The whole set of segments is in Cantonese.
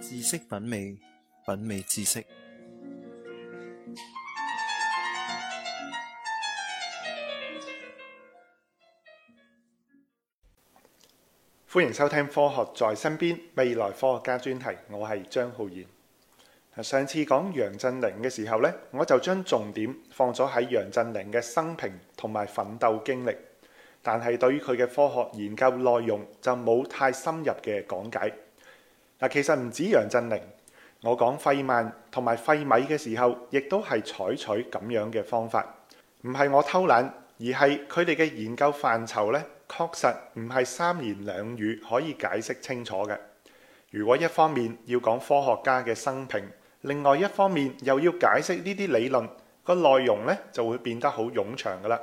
知識品味，品味知識。歡迎收聽《科學在身邊》未來科學家專題，我係張浩然。上次講楊振寧嘅時候呢，我就將重點放咗喺楊振寧嘅生平同埋奮鬥經歷。但係對於佢嘅科學研究內容就冇太深入嘅講解。嗱，其實唔止楊振寧，我講費曼同埋費米嘅時候，亦都係採取咁樣嘅方法。唔係我偷懶，而係佢哋嘅研究範疇呢，確實唔係三言兩語可以解釋清楚嘅。如果一方面要講科學家嘅生平，另外一方面又要解釋、那個、呢啲理論個內容呢，就會變得好冗長㗎喇。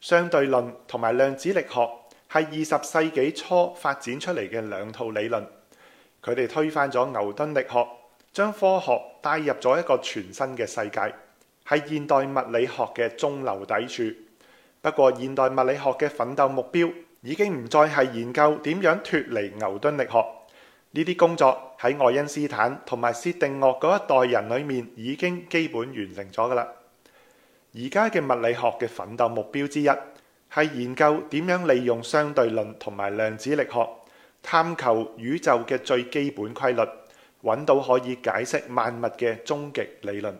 相對論同埋量子力學係二十世紀初發展出嚟嘅兩套理論，佢哋推翻咗牛頓力學，將科學帶入咗一個全新嘅世界，係現代物理學嘅中流砥柱。不過，現代物理學嘅奮鬥目標已經唔再係研究點樣脱離牛頓力學，呢啲工作喺愛因斯坦同埋薛定諤嗰一代人裏面已經基本完成咗㗎喇。而家嘅物理學嘅奮鬥目標之一，係研究點樣利用相對論同埋量子力學，探求宇宙嘅最基本規律，揾到可以解釋萬物嘅終極理論。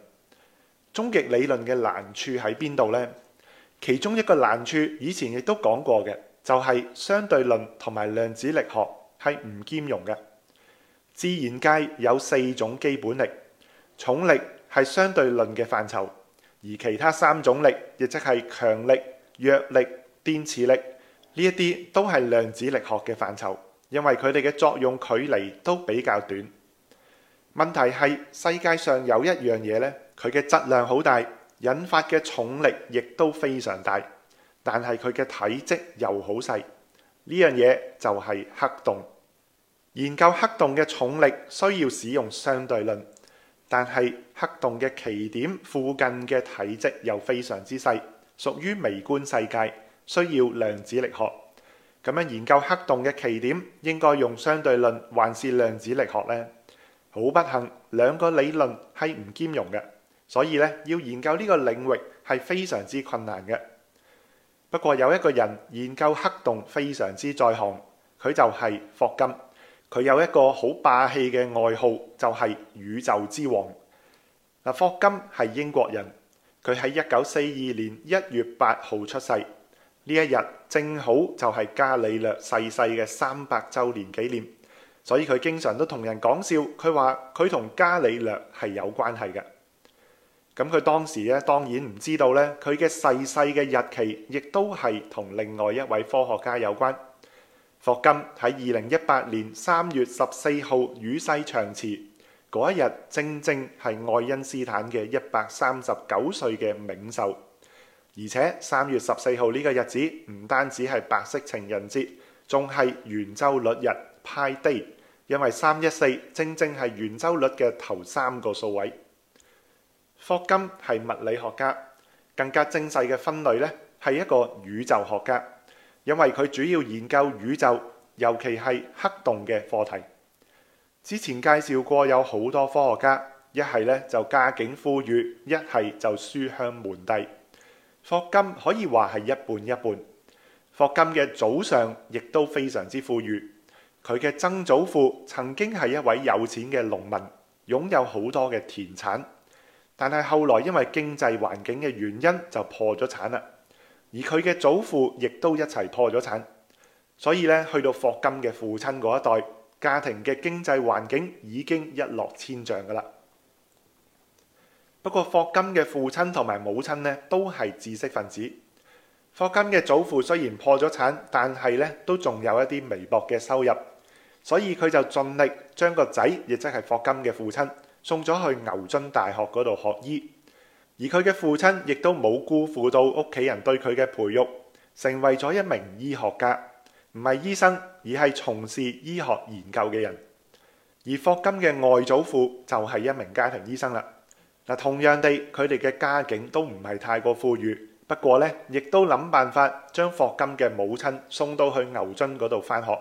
終極理論嘅難處喺邊度呢？其中一個難處，以前亦都講過嘅，就係相對論同埋量子力學係唔兼容嘅。自然界有四種基本力，重力係相對論嘅範疇。而其他三種力，亦即係強力、弱力、電磁力，呢一啲都係量子力學嘅範疇，因為佢哋嘅作用距離都比較短。問題係世界上有一樣嘢呢，佢嘅質量好大，引發嘅重力亦都非常大，但係佢嘅體積又好細。呢樣嘢就係黑洞。研究黑洞嘅重力需要使用相對論。但係黑洞嘅奇點附近嘅體積又非常之細，屬於微觀世界，需要量子力學。咁樣研究黑洞嘅奇點，應該用相對論還是量子力學呢？好不幸，兩個理論係唔兼容嘅，所以咧，要研究呢個領域係非常之困難嘅。不過有一個人研究黑洞非常之在行，佢就係霍金。佢有一個好霸氣嘅外號，就係宇宙之王。霍金係英國人，佢喺一九四二年一月八號出世，呢一日正好就係伽利略逝世嘅三百週年紀念，所以佢經常都同人講笑，佢話佢同伽利略係有關係嘅。咁佢當時咧當然唔知道咧，佢嘅逝世嘅日期亦都係同另外一位科學家有關。霍金喺二零一八年三月十四號與世長辭，嗰一日正正係愛因斯坦嘅一百三十九歲嘅冥壽。而且三月十四號呢個日子唔單止係白色情人節，仲係圓周率日 （Pi Day），因為三一四正正係圓周率嘅頭三個數位。霍金係物理學家，更加精細嘅分類呢係一個宇宙學家。因為佢主要研究宇宙，尤其係黑洞嘅課題。之前介紹過有好多科學家，一係咧就家境富裕，一係就書香門第。霍金可以話係一半一半。霍金嘅祖上亦都非常之富裕，佢嘅曾祖父曾經係一位有錢嘅農民，擁有好多嘅田產，但係後來因為經濟環境嘅原因就破咗產啦。而佢嘅祖父亦都一齊破咗產，所以呢，去到霍金嘅父親嗰一代，家庭嘅經濟環境已經一落千丈㗎喇。不過霍金嘅父親同埋母親呢，都係知識分子。霍金嘅祖父雖然破咗產，但係呢，都仲有一啲微薄嘅收入，所以佢就盡力將個仔，亦即係霍金嘅父親，送咗去牛津大學嗰度學醫。而佢嘅父親亦都冇辜負到屋企人對佢嘅培育，成為咗一名醫學家，唔係醫生，而係從事醫學研究嘅人。而霍金嘅外祖父就係一名家庭醫生啦。嗱，同樣地，佢哋嘅家境都唔係太過富裕，不過呢，亦都諗辦法將霍金嘅母親送到去牛津嗰度返學。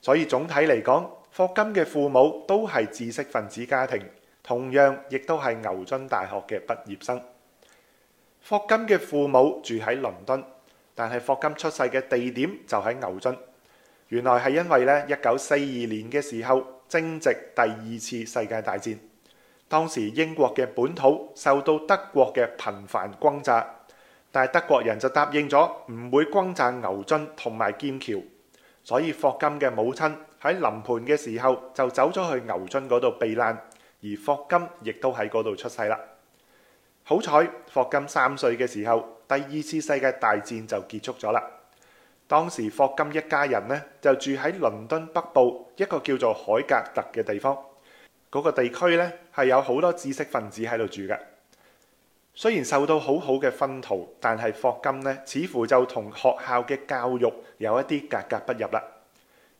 所以總體嚟講，霍金嘅父母都係知識分子家庭。同樣亦都係牛津大學嘅畢業生，霍金嘅父母住喺倫敦，但係霍金出世嘅地點就喺牛津。原來係因為咧，一九四二年嘅時候正值第二次世界大戰，當時英國嘅本土受到德國嘅頻繁轟炸，但係德國人就答應咗唔會轟炸牛津同埋劍橋，所以霍金嘅母親喺臨盆嘅時候就走咗去牛津嗰度避難。而霍金亦都喺嗰度出世啦。好彩，霍金三歲嘅時候，第二次世界大戰就結束咗啦。當時霍金一家人呢，就住喺倫敦北部一個叫做海格特嘅地方。嗰個地區呢，係有好多知識分子喺度住嘅。雖然受到好好嘅熏陶，但係霍金呢，似乎就同學校嘅教育有一啲格格不入啦。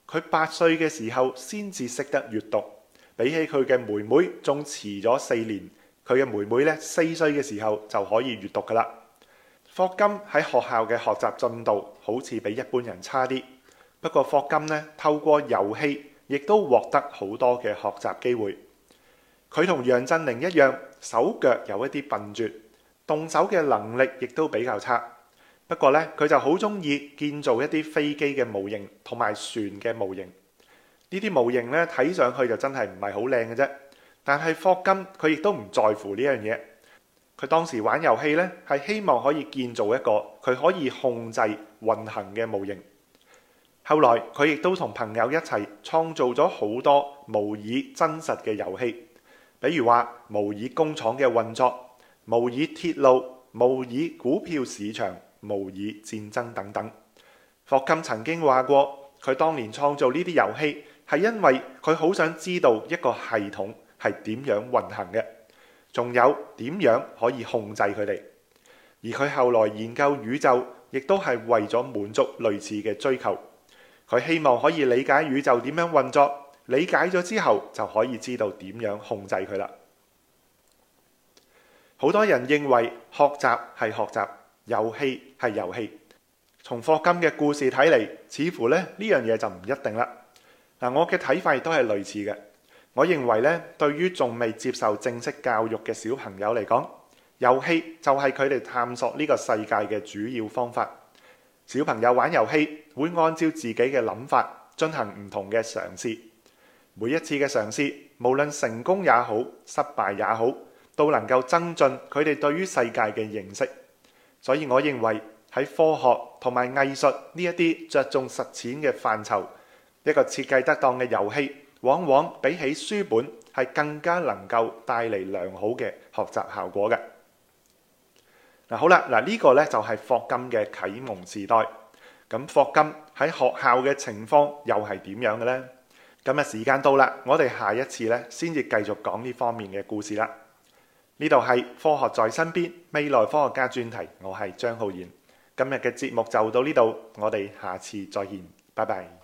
佢八歲嘅時候，先至識得閱讀。比起佢嘅妹妹仲遲咗四年，佢嘅妹妹咧四歲嘅時候就可以閱讀㗎喇。霍金喺學校嘅學習進度好似比一般人差啲，不過霍金呢，透過遊戲亦都獲得好多嘅學習機會。佢同楊振寧一樣，手腳有一啲笨拙，動手嘅能力亦都比較差。不過咧，佢就好中意建造一啲飛機嘅模型同埋船嘅模型。呢啲模型咧睇上去就真係唔係好靚嘅啫，但係霍金佢亦都唔在乎呢樣嘢。佢當時玩遊戲咧，係希望可以建造一個佢可以控制運行嘅模型。後來佢亦都同朋友一齊創造咗好多模擬真實嘅遊戲，比如話模擬工廠嘅運作、模擬鐵路、模擬股票市場、模擬戰爭等等。霍金曾經話過，佢當年創造呢啲遊戲。係因為佢好想知道一個系統係點樣運行嘅，仲有點樣可以控制佢哋。而佢後來研究宇宙，亦都係為咗滿足類似嘅追求。佢希望可以理解宇宙點樣運作，理解咗之後就可以知道點樣控制佢啦。好多人認為學習係學習，遊戲係遊戲。從霍金嘅故事睇嚟，似乎咧呢樣嘢就唔一定啦。嗱，我嘅睇法都係類似嘅。我認為咧，對於仲未接受正式教育嘅小朋友嚟講，遊戲就係佢哋探索呢個世界嘅主要方法。小朋友玩遊戲會按照自己嘅諗法進行唔同嘅嘗試，每一次嘅嘗試，無論成功也好、失敗也好，都能夠增進佢哋對於世界嘅認識。所以，我認為喺科學同埋藝術呢一啲着重實踐嘅範疇。一個設計得當嘅遊戲，往往比起書本係更加能夠帶嚟良好嘅學習效果嘅嗱。好啦，嗱，呢個呢就係霍金嘅啟蒙時代。咁霍金喺學校嘅情況又係點樣嘅呢？今日時間到啦，我哋下一次呢先至繼續講呢方面嘅故事啦。呢度係科學在身邊未來科學家專題，我係張浩然。今日嘅節目就到呢度，我哋下次再見，拜拜。